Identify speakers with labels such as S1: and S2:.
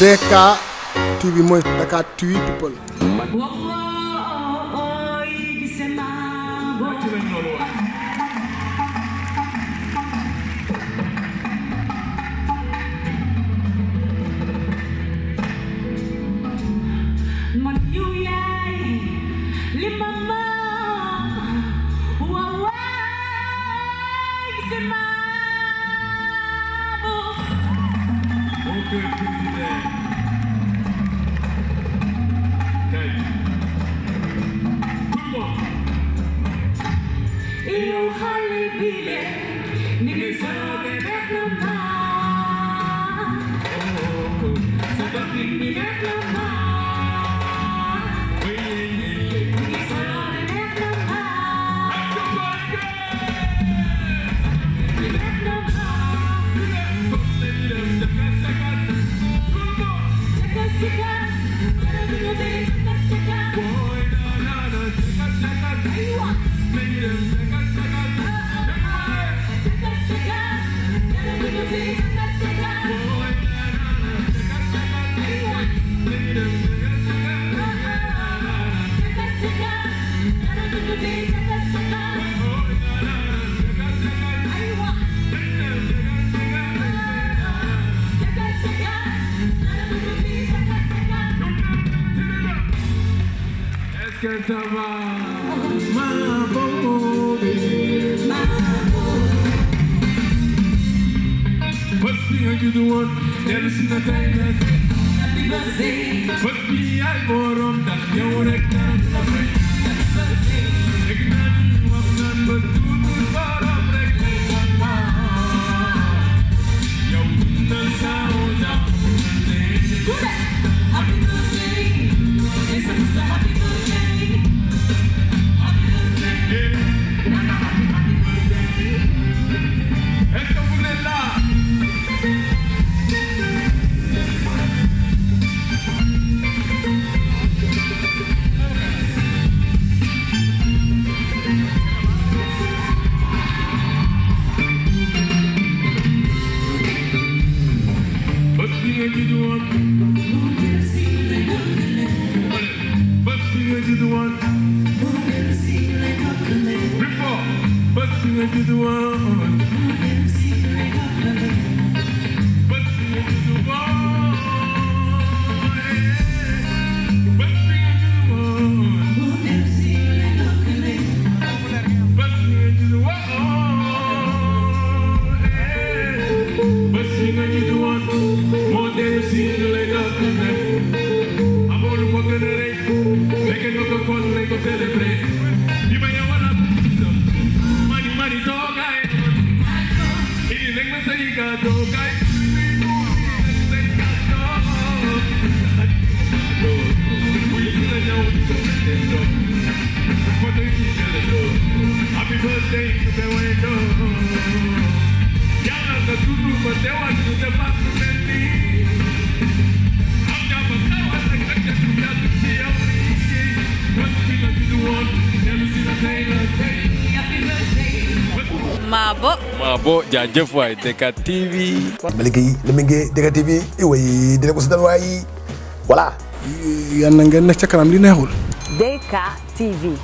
S1: DK TV mooy Dakar TV people. man. يا وخلي بيا نجي سوا بيتنا معاك Let's get some. Uh... you the one Never seen a time like this Happy birthday First me I bought him That's your record Plus fort, basculer du doigt. ko kon nañ ko célébré li ma ñëw wala mani mani toogaay ini nag ma sëy ka toogaay Happy birthday to the window. Mabo. Mabo jaajëf waay Deka TV. Maliki Lemenge Deka TV iwoy dina ko dal waay voilà. yal na ngeen nekk ca kanam li neexul. Deka TV.